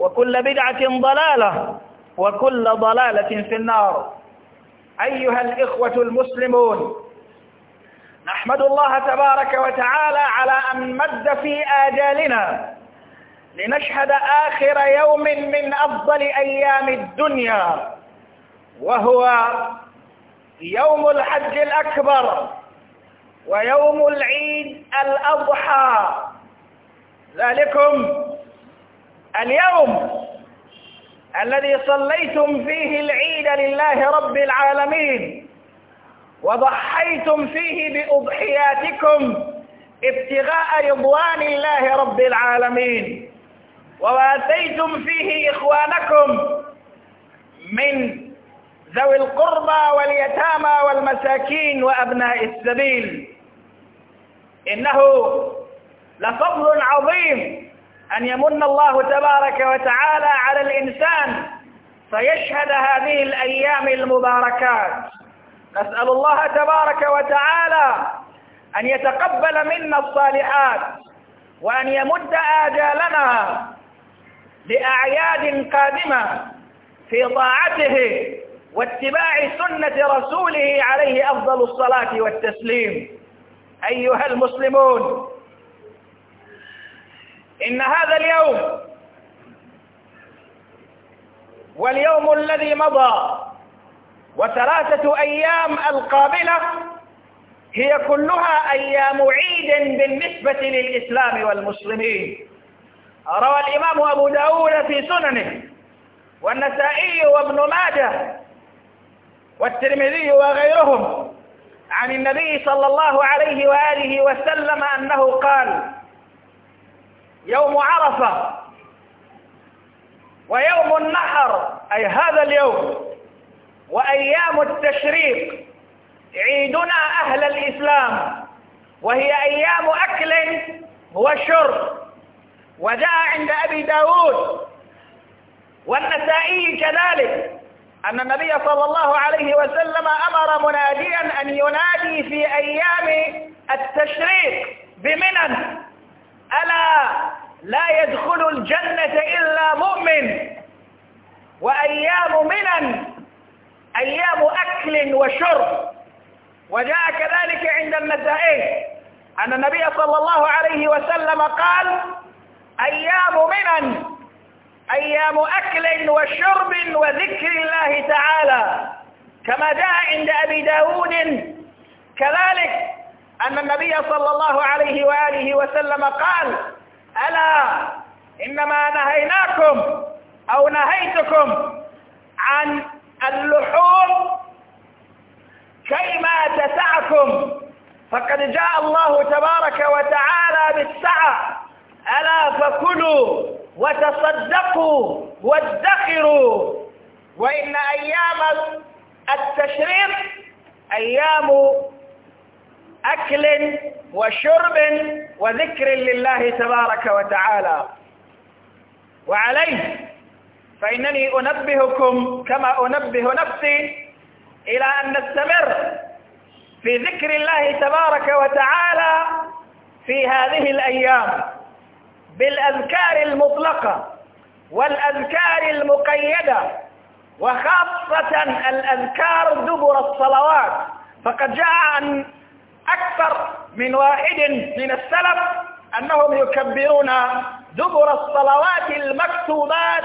وكل بدعة ضلالة وكل ضلالة في النار أيها الإخوة المسلمون نحمد الله تبارك وتعالى على أن مد في آجالنا لنشهد آخر يوم من أفضل أيام الدنيا وهو يوم الحج الأكبر ويوم العيد الأضحى ذلكم اليوم الذي صليتم فيه العيد لله رب العالمين وضحيتم فيه بأضحياتكم ابتغاء رضوان الله رب العالمين وواتيتم فيه إخوانكم من ذوي القربى واليتامى والمساكين وأبناء السبيل إنه لفضل عظيم أن يمن الله تبارك وتعالى على الإنسان فيشهد هذه الأيام المباركات نسأل الله تبارك وتعالى أن يتقبل منا الصالحات وأن يمد آجالنا لأعياد قادمة في طاعته واتباع سنة رسوله عليه أفضل الصلاة والتسليم أيها المسلمون إن هذا اليوم واليوم الذي مضى وثلاثة أيام القابلة هي كلها أيام عيد بالنسبة للإسلام والمسلمين روى الإمام أبو داود في سننه والنسائي وابن ماجه والترمذي وغيرهم عن النبي صلى الله عليه وآله وسلم أنه قال يوم عرفة ويوم النحر أي هذا اليوم وأيام التشريق عيدنا أهل الإسلام وهي أيام أكل وشرب وجاء عند أبي داود والنسائي كذلك أن النبي صلى الله عليه وسلم أمر مناديا أن ينادي في أيام التشريق بمنن ألا لا يدخل الجنة إلا مؤمن وأيام منن أيام أكل وشرب وجاء كذلك عند النسائي أن النبي صلى الله عليه وسلم قال أيام منن أيام أكل وشرب وذكر الله تعالى كما جاء عند أبي داود كذلك أن النبي صلى الله عليه وآله وسلم قال ألا إنما نهيناكم أو نهيتكم عن اللحوم كيما تسعكم فقد جاء الله تبارك وتعالى بالسعة ألا فكلوا وتصدقوا وادخروا وإن أيام التشريق أيام أكل وشرب وذكر لله تبارك وتعالى وعليه فإنني أنبهكم كما أنبه نفسي إلى أن نستمر في ذكر الله تبارك وتعالى في هذه الأيام بالأذكار المطلقة والأذكار المقيدة وخاصة الأذكار دبر الصلوات فقد جاء عن أكثر من واحد من السلف أنهم يكبرون دبر الصلوات المكتوبات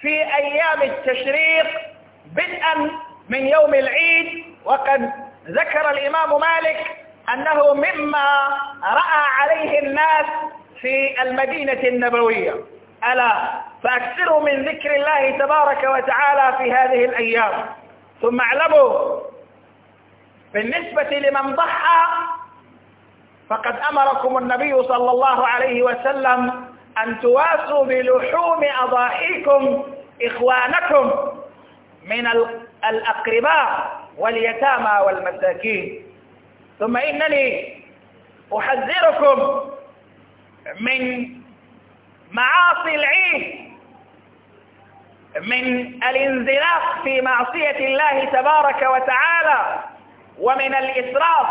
في أيام التشريق بدءا من يوم العيد وقد ذكر الإمام مالك أنه مما رأى عليه الناس في المدينة النبوية ألا فأكثروا من ذكر الله تبارك وتعالى في هذه الأيام ثم اعلموا بالنسبة لمن ضحى فقد أمركم النبي صلى الله عليه وسلم أن تواسوا بلحوم أضاحيكم إخوانكم من الأقرباء واليتامى والمساكين ثم إنني أحذركم من معاصي العيد من الانزلاق في معصية الله تبارك وتعالى ومن الإسراف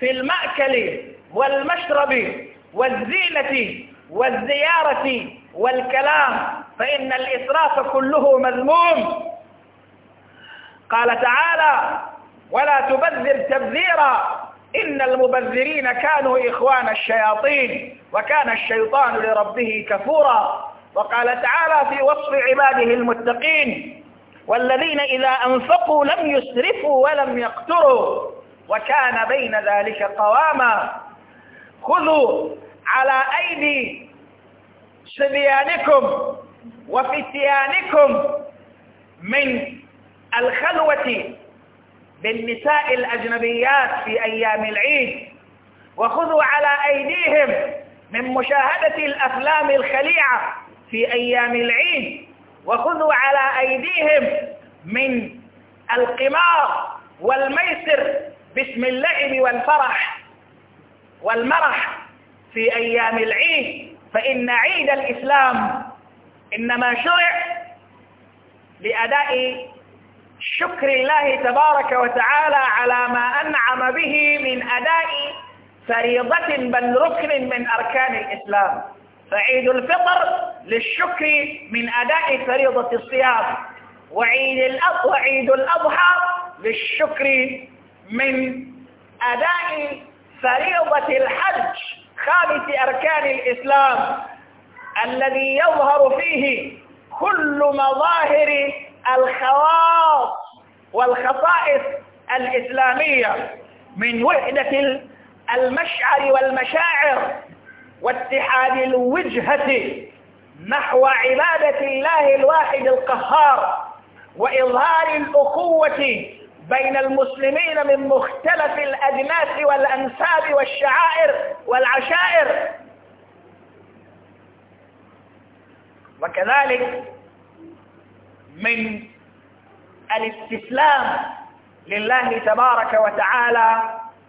في المأكل والمشرب والزينة والزيارة والكلام فإن الإسراف كله مذموم قال تعالى ولا تبذر تبذيرا إن المبذرين كانوا إخوان الشياطين وكان الشيطان لربه كفورا وقال تعالى في وصف عباده المتقين والذين إذا أنفقوا لم يسرفوا ولم يقتروا وكان بين ذلك قواما خذوا على أيدي صبيانكم وفتيانكم من الخلوة بالنساء الأجنبيات في أيام العيد وخذوا على أيديهم من مشاهدة الأفلام الخليعة في أيام العيد وخذوا على أيديهم من القمار والميسر باسم اللعب والفرح والمرح في أيام العيد فإن عيد الإسلام إنما شرع لأداء شكر الله تبارك وتعالى على ما أنعم به من أداء فريضة بل ركن من أركان الإسلام فعيد الفطر للشكر من أداء فريضة الصيام وعيد الأضحى وعيد الأضحى للشكر من أداء فريضة الحج خامس أركان الإسلام الذي يظهر فيه كل مظاهر الخواص والخصائص الإسلامية من وحدة المشعر والمشاعر واتحاد الوجهة نحو عبادة الله الواحد القهار وإظهار الأخوة بين المسلمين من مختلف الأجناس والأنساب والشعائر والعشائر وكذلك من الاستسلام لله تبارك وتعالى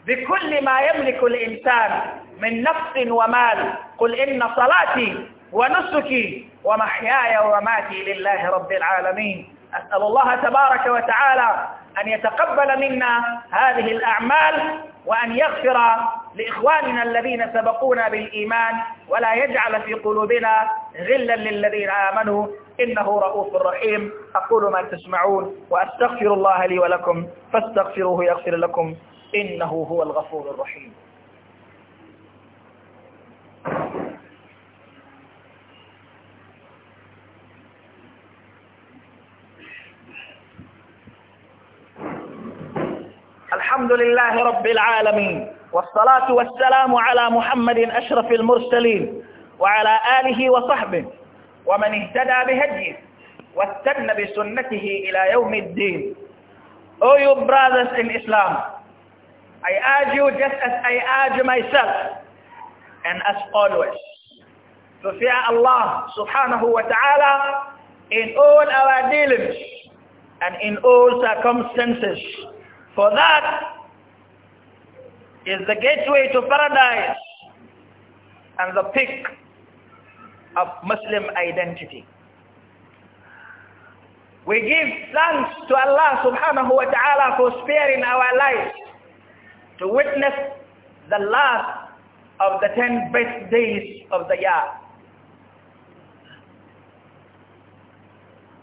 بكل ما يملك الإنسان من نفس ومال قل إن صلاتي ونسكي ومحياي وماتي لله رب العالمين أسأل الله تبارك وتعالى أن يتقبل منا هذه الأعمال وأن يغفر لإخواننا الذين سبقونا بالإيمان ولا يجعل في قلوبنا غلا للذين آمنوا إنه رؤوف رحيم أقول ما تسمعون وأستغفر الله لي ولكم فاستغفروه يغفر لكم إنه هو الغفور الرحيم الحمد لله رب العالمين والصلاة والسلام على محمد أشرف المرسلين وعلى آله وصحبه ومن اهتدى بهديه واستنى بسنته إلى يوم الدين Oh you brothers in Islam I urge you just as I urge myself and as always to fear Allah subhanahu wa ta'ala in all our dealings and in all circumstances For that is the gateway to paradise and the peak of Muslim identity. We give thanks to Allah subhanahu wa ta'ala for sparing our lives to witness the last of the 10 best days of the year.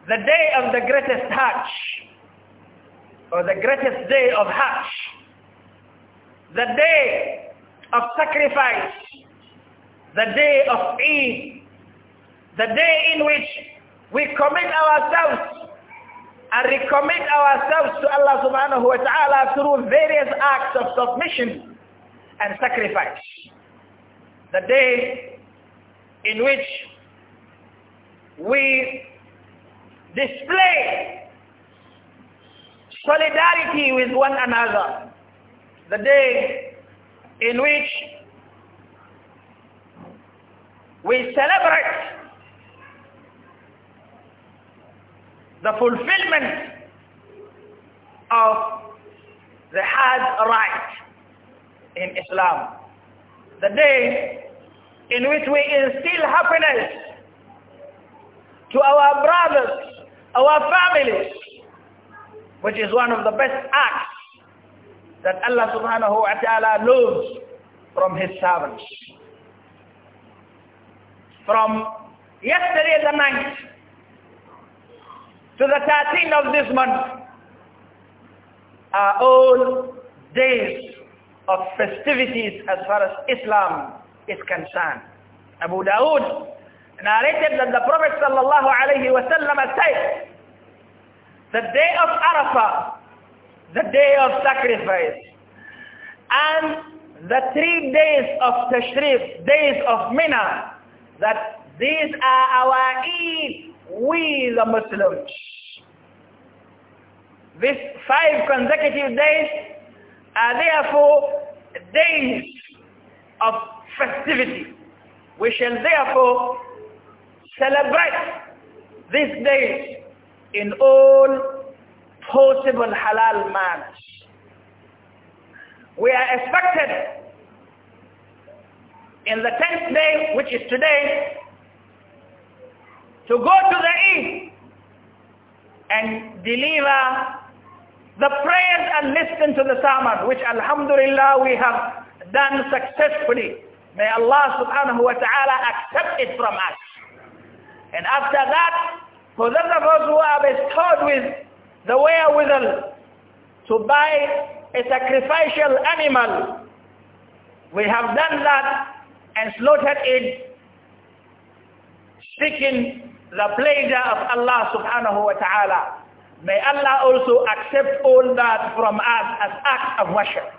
The day of the greatest hajj or the greatest day of Hajj, the day of sacrifice, the day of Eid, the day in which we commit ourselves and recommit ourselves to Allah subhanahu wa ta'ala through various acts of submission and sacrifice. The day in which we display solidarity with one another. The day in which we celebrate the fulfillment of the had right in Islam. The day in which we instill happiness to our brothers, our families, which is one of the best acts that Allah subhanahu wa ta'ala loves from his servants. From yesterday the night to the 13th of this month are all days of festivities as far as Islam is concerned. Abu Dawood narrated that the Prophet sallallahu alayhi wa sallam said, the day of Arafah, the day of sacrifice, and the three days of Tashrif, days of Mina, that these are our Eid, we the Muslims. These five consecutive days are therefore days of festivity. We shall therefore celebrate these days in all possible halal manners. We are expected in the 10th day, which is today, to go to the Eid and deliver the prayers and listen to the sermon, which alhamdulillah we have done successfully. May Allah subhanahu wa ta'ala accept it from us. And after that, for those of us who are bestowed with the wherewithal to buy a sacrificial animal, we have done that and slaughtered it, seeking the pleasure of Allah subhanahu wa ta'ala. May Allah also accept all that from us as acts of worship.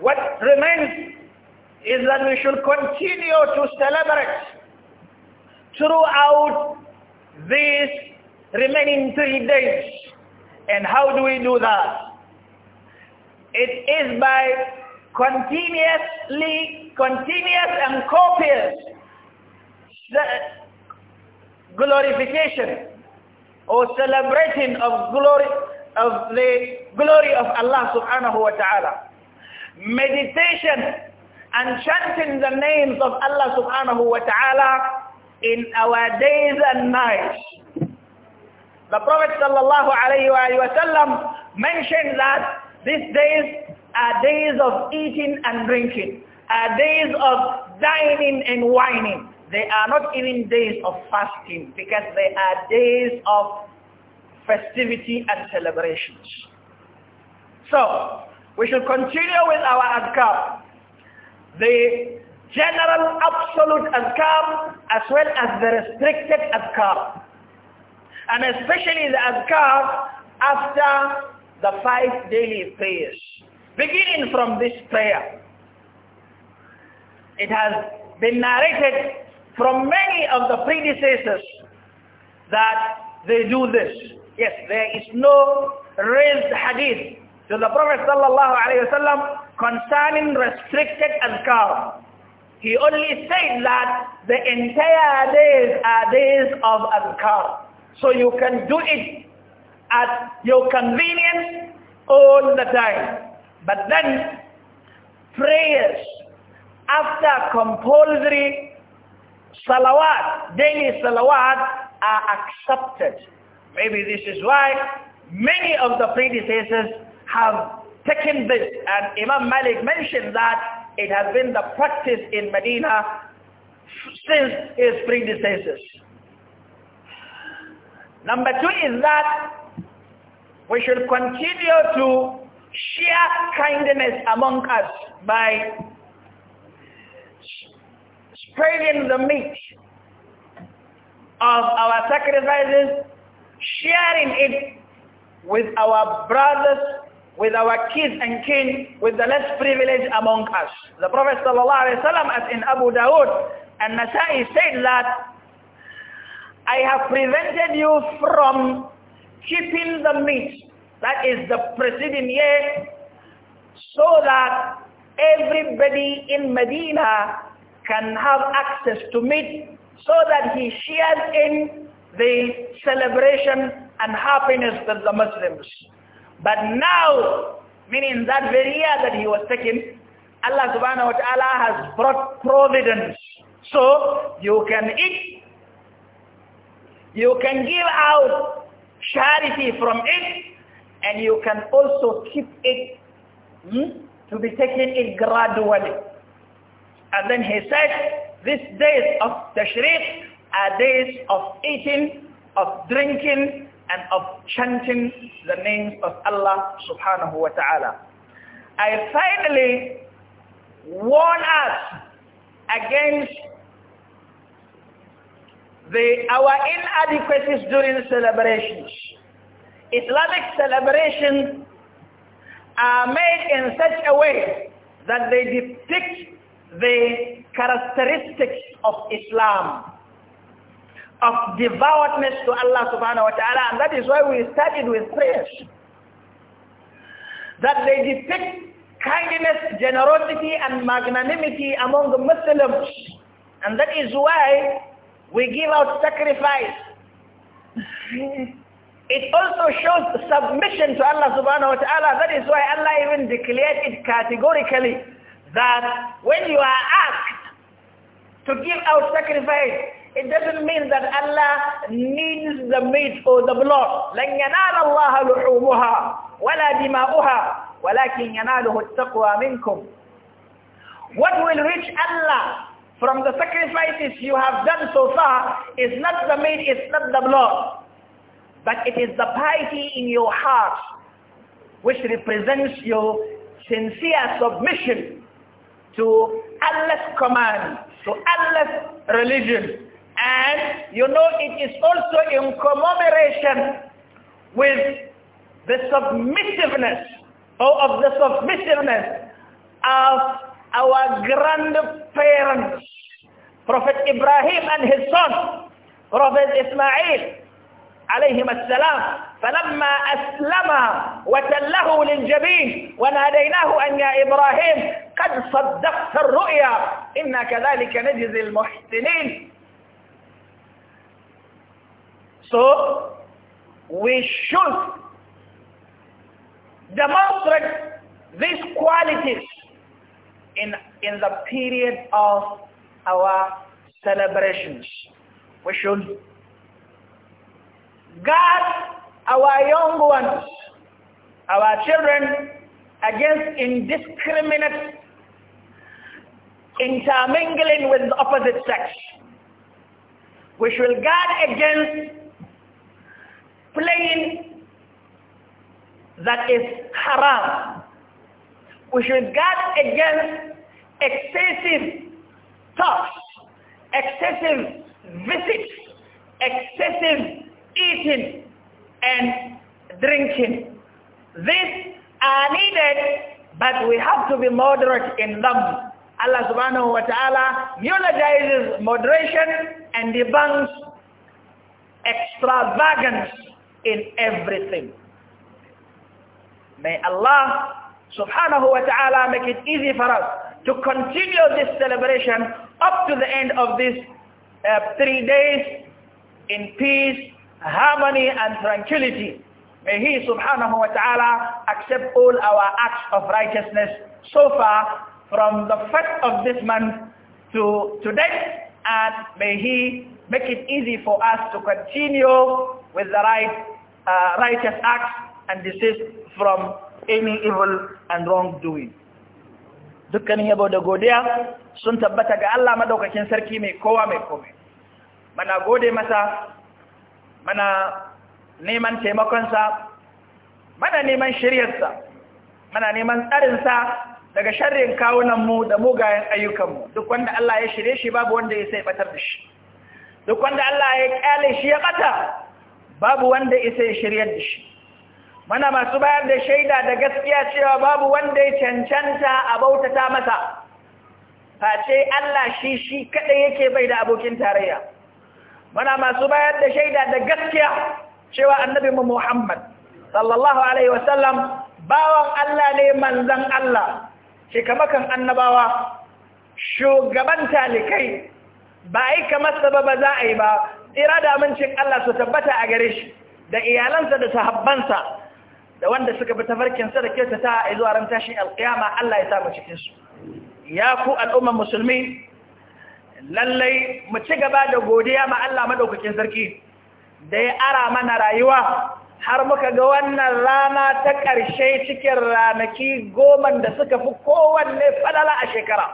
What remains is that we should continue to celebrate throughout these remaining three days. And how do we do that? It is by continuously, continuous and copious glorification or celebrating of glory of the glory of Allah subhanahu wa ta'ala. Meditation and chanting the names of Allah subhanahu wa ta'ala in our days and nights. The Prophet sallallahu alayhi wa mentioned that these days are days of eating and drinking, are days of dining and whining. They are not even days of fasting because they are days of festivity and celebrations. So, we should continue with our adhkar. The general absolute adhkar as well as the restricted adhkar, And especially the adhkar after the five daily prayers. Beginning from this prayer, it has been narrated from many of the predecessors that they do this. Yes, there is no raised hadith to the Prophet sallallahu concerning restricted adhkar. He only said that the entire days are days of adhkar. So you can do it at your convenience all the time. But then prayers after compulsory salawat, daily salawat are accepted. Maybe this is why many of the predecessors have taken this and Imam Malik mentioned that it has been the practice in Medina since his predecessors. Number two is that we should continue to share kindness among us by spreading the meat of our sacrifices, sharing it with our brothers with our kids and kin, with the less privileged among us. The Prophet ﷺ, as in Abu Dawood and Nasa'i said that, I have prevented you from keeping the meat, that is the preceding year, so that everybody in Medina can have access to meat, so that he shares in the celebration and happiness with the Muslims. But now, meaning that very year that he was taken, Allah subhanahu wa ta'ala has brought providence. So, you can eat, you can give out charity from it, and you can also keep it hmm, to be taken it gradually. And then he said, these days of Tashriq are days of eating, of drinking, and of chanting the names of Allah subhanahu wa ta'ala. I finally warn us against the, our inadequacies during celebrations. Islamic celebrations are made in such a way that they depict the characteristics of Islam of devoutness to Allah subhanahu wa ta'ala and that is why we started with prayers that they depict kindness generosity and magnanimity among the Muslims and that is why we give out sacrifice it also shows submission to Allah subhanahu wa ta'ala that is why Allah even declared it categorically that when you are asked to give out sacrifice it doesn't mean that Allah needs the meat or the blood. لن ينال الله لحومها ولا دماؤها ولكن يناله التقوى منكم. What will reach Allah from the sacrifices you have done so far is not the meat, it's not the blood. But it is the piety in your heart which represents your sincere submission to Allah's command, to Allah's religion. And you know it is also in commemoration with the submissiveness or of the submissiveness of our grandparents, Prophet Ibrahim and his son, Prophet Ismail عليهم السلام فلما أسلم وتله للجبين وناديناه أن يا إبراهيم قد صدقت الرؤيا إنا كذلك نجزي المحسنين So we should demonstrate these qualities in, in the period of our celebrations. We should guard our young ones, our children against indiscriminate intermingling with the opposite sex. We should guard against playing that is haram. We should guard against excessive talks, excessive visits, excessive eating and drinking. These are needed, but we have to be moderate in them. Allah subhanahu wa ta'ala eulogizes moderation and debunks extravagance in everything. May Allah subhanahu wa ta'ala make it easy for us to continue this celebration up to the end of these uh, three days in peace, harmony and tranquility. May He subhanahu wa ta'ala accept all our acts of righteousness so far from the first of this month to today and may He make it easy for us to continue with the right uh, righteous acts and desist from any evil and wrongdoing. Dukkanin yabo da godiya sun tabbata ga Allah madaukakin sarki mai kowa mai kome. Mana gode masa, mana neman taimakonsa, mana neman shiryarsa, mana neman tsarinsa daga sharrin kawunanmu da mugayen ayyukanmu. Duk wanda Allah ya shirye shi babu wanda ya sai batar da shi. Duk wanda Allah ya kyale shi ya bata babu wanda isa ya shiryar da shi mana masu bayar da shaida da gaskiya cewa babu wanda ya cancanta a bautata masa face Allah shi shi kadai yake bai da abokin tarayya mana masu bayar da shaida da gaskiya cewa annabi Muhammad sallallahu alaihi wasallam bawan Allah ne manzon Allah shekamakan annabawa shugaban talikai ba ai kamar sababa ba za a yi ba tsira da amincin Allah su tabbata a gare shi da iyalansa da sahabbansa da wanda suka bi tafarkinsa da kyauta ta zuwa ran tashin alƙiyama Allah ya samu cikinsu ya ku al'ummar musulmi lallai mu ci gaba da godiya ma Allah madaukakin sarki da ya ara mana rayuwa har muka ga wannan rana ta ƙarshe cikin ranaki goman da suka fi kowanne falala a shekara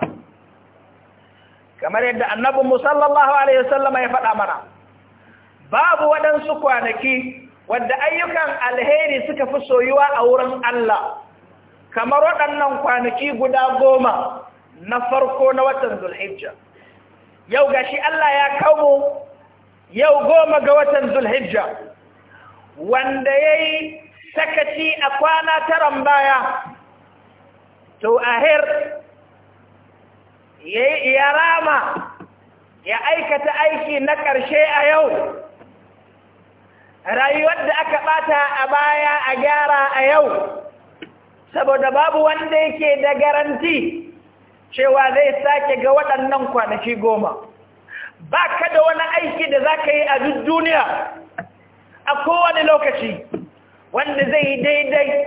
kamar yadda annabin musallallahu alaihi wasallama ya faɗa mana babu waɗansu kwanaki wadda ayyukan alheri suka fi soyuwa a wurin Allah kamar waɗannan kwanaki guda goma na farko na watan zulhijja yau ga shi Allah ya kawo yau goma ga watan zulhijja wanda ya yi sakaci a kwana taron baya to ahir ya rama ya aikata aiki na ƙarshe a yau rayuwar da aka bata a baya a gyara a yau saboda babu wanda yake da garanti cewa zai sake ga waɗannan kwanaki goma ba ka da wani aiki da za ka yi a duk duniya a kowane lokaci wanda zai yi daidai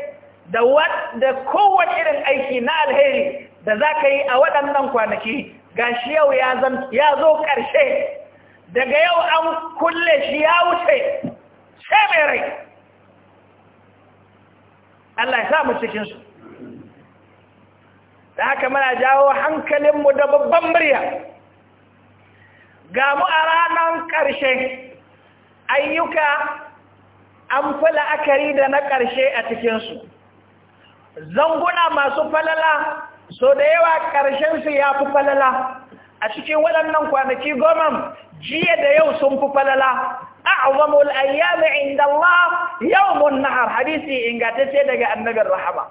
da wadda kowane irin aiki na alheri da za ka yi a waɗannan kwanaki ga shi yau ya zo ƙarshe daga yau an kulle shi ya wuce sai mai rai Allah ya samu cikinsu da haka mana jawo hankalinmu da babban murya ga mu a ranar ƙarshe ayyuka an fi la'akari da na ƙarshe a cikinsu zanguna masu falala so da yawa ƙarshensu ya fi falala a cikin waɗannan kwanaki goma jiya da yau sun fi falala a'zamul ayyam 'inda Allah yawmun nahar hadisi ingatacce daga annabin rahama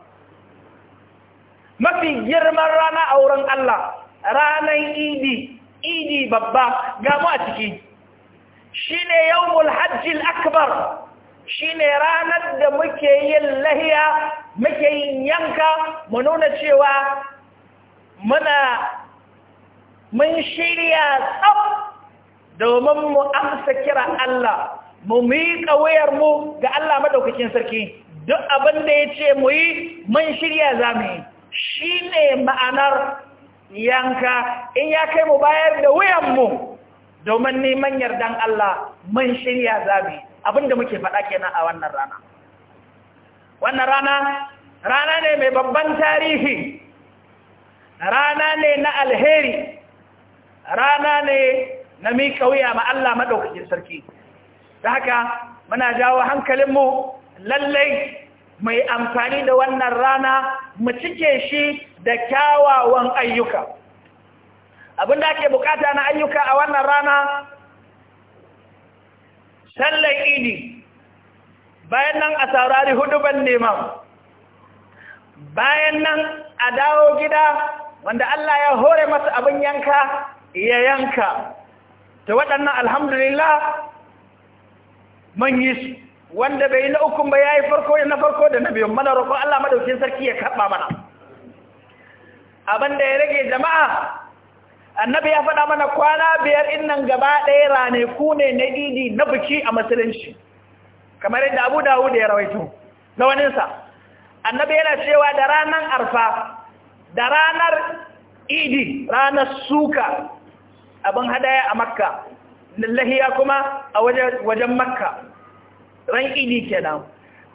mafi girman rana auren Allah ranar idi idi babba ga mu a ciki shine yawmul hajji akbar shine ranar da muke yin lahiya muke yi yanka mu nuna cewa muna mun shirya tsaf domin mu amsa kira Allah mu miƙa mu ga Allah madaukakin sarki duk abin da ya ce mu yi mun shirya za mu yi shi ne ma'anar yanka in ya kai mu bayar da wuyanmu domin neman yardan Allah mun shirya za mu yi abin da muke faɗa kenan a wannan rana wannan rana rana ne mai babban tarihi rana ne na alheri rana ne na mi wuya ma Allah madaukakin sarki da haka muna jawo hankalinmu lallai mai amfani da wannan rana mu cike shi da kyawawan ayyuka abinda ake bukata na ayyuka a wannan rana sallar idi bayan nan a saurari huduban neman bayan nan a dawo gida wanda Allah ya hore masa abin yanka ya yanka ta waɗannan alhamdulillah man su wanda bai yi na ukun ba ya yi farko na farko da na biyun mana roƙon Allah madaukin sarki ya karɓa mana abin da ya rage jama'a annabi ya faɗa mana kwana biyar innan gaba ɗaya ku ne na idi na biki a musulunci kamar yadda abu da ya rawaito na waninsa annabi yana cewa da ranar arfa da ranar idi ranar suka abin hadaya a makka lahiya kuma a wajen makka ran idi kenan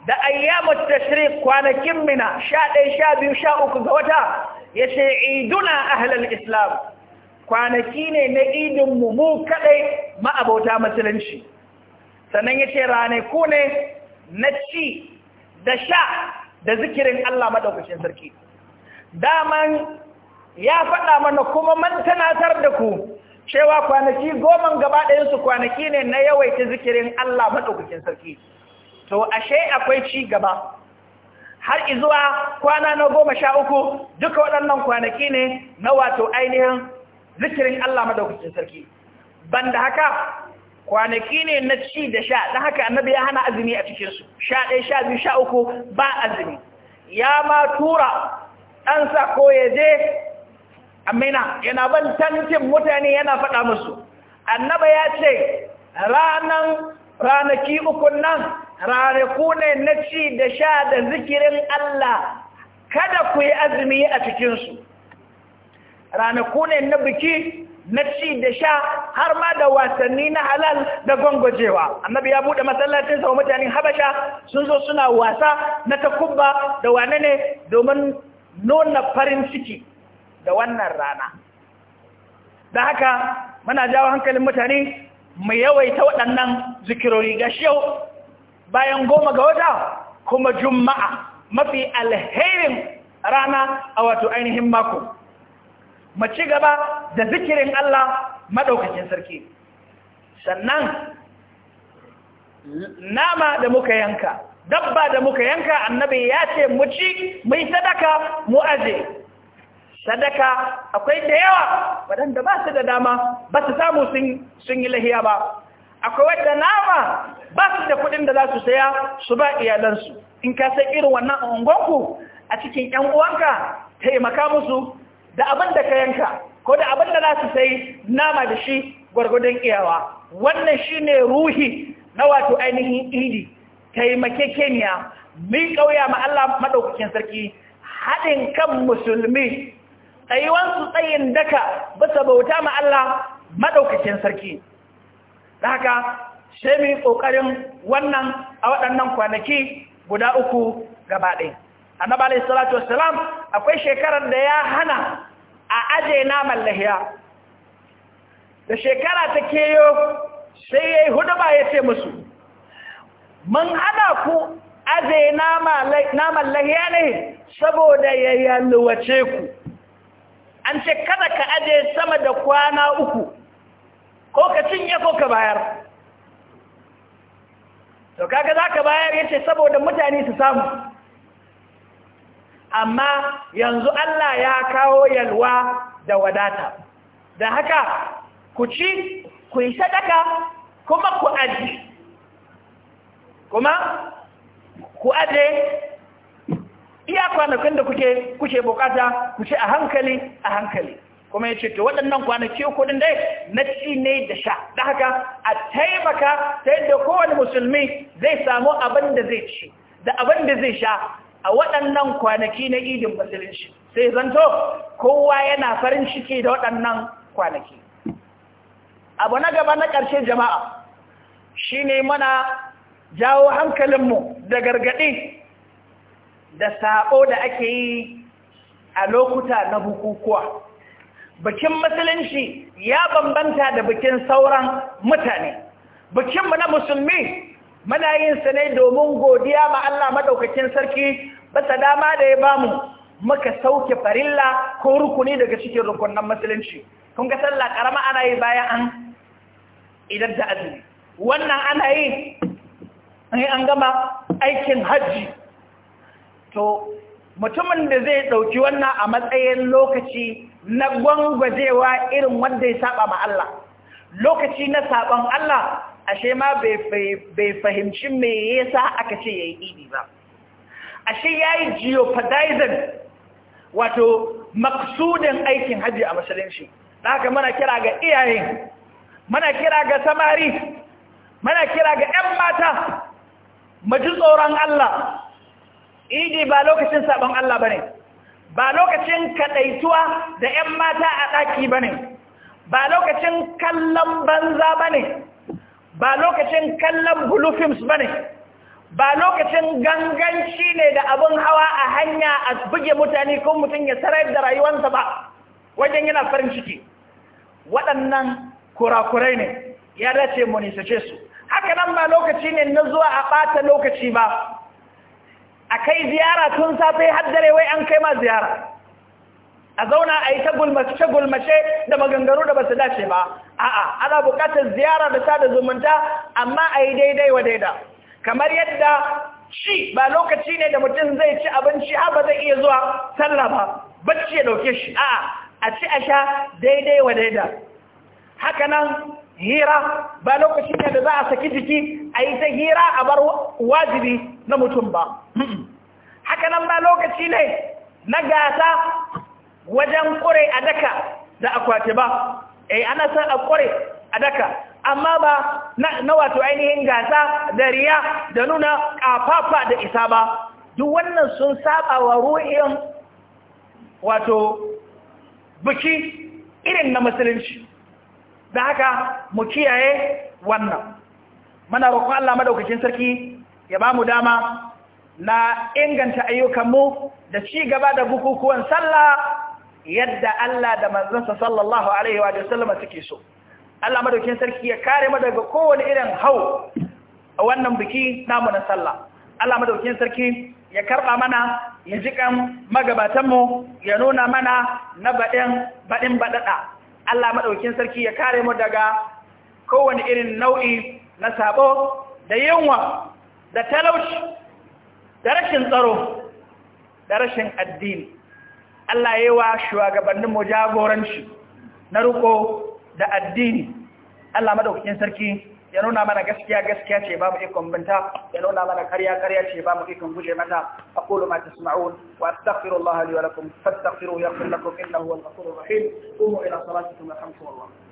da ayyamu tashrik kwanakin mina sha ɗaya sha biyu sha uku ga wata ya iduna ahlal islam kwanaki ne na idin mu kaɗai ma'abauta musulunci sannan ya ce ranaku ne na ci da sha da zikirin Allah maɗaukacin sarki daman ya faɗa mana kuma man tanatar da ku cewa kwanaki goma gaba kwanaki ne na yawaita zikirin Allah maɗaukakin sarki to ashe akwai ci gaba har izuwa kwana na goma sha uku duka waɗannan kwanaki ne na wato ainihin zikirin Allah maɗaukakin sarki banda haka kwanaki ne na ci da sha ɗan haka annabi ya hana azumi a cikinsu sha ɗaya sha biyu sha uku ba azumi ya ma tura ɗansa ko ya je amina yana ban tantin mutane yana faɗa musu annaba ya ce ranan ranaki ukun nan ranaku ne na ci da sha da zikirin Allah kada ku yi azumi a cikinsu ranaku ne na biki na ci da sha har ma da wasanni na halal da gwangwajewa annabi ya buɗe masallacin sa mutanen habasha sun zo suna wasa na takubba da wanene domin nuna farin ciki da wannan rana da haka muna jawo hankalin mutane mai yawaita waɗannan zikirori ga yau bayan goma ga wata kuma juma'a mafi alherin rana a wato ainihin mako mu ci gaba da zikirin Allah maɗaukacin sarki sannan nama da muka yanka dabba da muka yanka annabi ya ce mu ci mu yi sadaka mu aje sadaka akwai da yawa waɗanda ba su da dama ba su samu sun yi lahiya ba akwai wadda nama ba su da kuɗin da za su saya su ba iyalansu in ka sai irin wannan ungonku a cikin ‘yan uwanka taimaka musu da abin da ka yanka ko da abin da za su sai nama da shi gwargwadon iyawa wannan shi ne ruhi na wato ainihin idi taimake keniya min ƙauya ma Allah maɗaukakin sarki haɗin kan musulmi tsayuwansu tsayin daka ba bisa bauta ma Allah maɗaukakin sarki da haka shi mai ƙoƙarin wannan a waɗannan kwanaki guda uku gaba ɗaya alayhi salatu wassalam akwai shekarar da ya hana a aje naman da shekara ta keyo sai ya yi ba ya ce musu mun hana ku aje naman mallahiya ne saboda ya yalwace ku an ce kada ka aje sama da kwana uku ko ka cinye ko ka bayar to kaga za ka bayar yace saboda mutane su samu amma yanzu Allah ya kawo yalwa da wadata da haka ku ci ku yi sadaka kuma ku aji kuma ku aje iya kwanakin da kuke kuke bukata ku ci a hankali a hankali kuma ya ce to waɗannan kwanaki kudin dai na ci ne da sha da haka a taimaka ta yadda kowane musulmi zai samu abin da zai ci da abin da zai sha a waɗannan kwanaki na idin musulunci sai zanto kowa yana farin ciki da waɗannan kwanaki abu na gaba na ƙarshe jama'a shine mana jawo hankalinmu da gargaɗi da sabo da ake yi a lokuta na bukukuwa bikin musulunci ya bambanta da bikin sauran mutane bikinmu na musulmi muna yin sa ne domin godiya ma Allah madaukakin sarki basa dama da ya bamu muka sauke farilla ko rukuni daga cikin rukunan musulunci kun ga sallah karama ana yi bayan an idan da azumi wannan ana yi an gama aikin hajji to mutumin da zai ɗauki wannan a matsayin lokaci na gwangwajewa irin wanda ya saba ma Allah lokaci na saban Allah ashe ma bai fahimci me yasa aka ce yayi idi ba ashe yayi geopadizing wato maksudin aikin haji a musulunci haka mana kira ga iyaye mana kira ga samari mana kira ga 'yan mata mu tsoron Allah idi ba lokacin sabon Allah bane ba lokacin kaɗaituwa da 'yan mata a daki bane ba lokacin kallon banza bane ba lokacin kallon blue films bane ba lokacin ganganci ne da abin hawa a hanya a buge mutane ko mutum ya sarar da rayuwarsa ba wajen yana farin ciki waɗannan kurakurai ne ya dace mu nisace su haka nan ba lokaci ne na zuwa a ɓata lokaci ba a kai ziyara tun safe har dare wai an kai ma ziyara a zauna a yi ta gulmace-gulmace da maganganu da ba su dace ba a'a ana bukatar ziyara da sada zumunta amma a yi daidai wa daida kamar yadda shi ba lokaci ne da mutum zai ci abinci ha ba zai iya zuwa sallah ba bacci ya dauke shi a'a a ci a sha daidai wa daida haka nan hira ba lokaci ne da za a saki jiki a yi ta hira a bar wajibi na mutum ba hakanan ba lokaci ne na gasa wajen kure a daka da akwati ba E, ana san a kure a daka amma ba na wato ainihin gasa da riya da nuna ƙafafa da isa ba duk wannan sun saba wa ruhin wato biki irin na musulunci da haka mu kiyaye wannan Muna roƙon Allah madaukakin sarki ya ba mu dama na inganta ayyukanmu da ci gaba da bukukuwan sallah yadda Allah da manzansa sallallahu alaihi wa sallama suke so Allah madaukakin sarki ya kare mu daga kowane irin hau a wannan biki namu na sallah Allah madaukakin sarki ya karba mana ya jikan magabatanmu ya nuna mana na baɗin baɗaɗa Allah maɗaukin sarki ya kare mu daga kowane irin nau'i na sabo da yunwa da talauci da rashin tsaro da rashin addini Allah ya yi wa mu jagoranci na riko da addini Allah maɗaukin sarki ya nuna mana gaskiya gaskiya ce babu ikon binta ya nuna mana karya karya ce babu ikon guje mata aqulu ma tasma'un wa astaghfirullah li wa lakum fastaghfiruhu yaghfir lakum innahu huwal ghafurur rahim qumu ila salatikum yarhamkum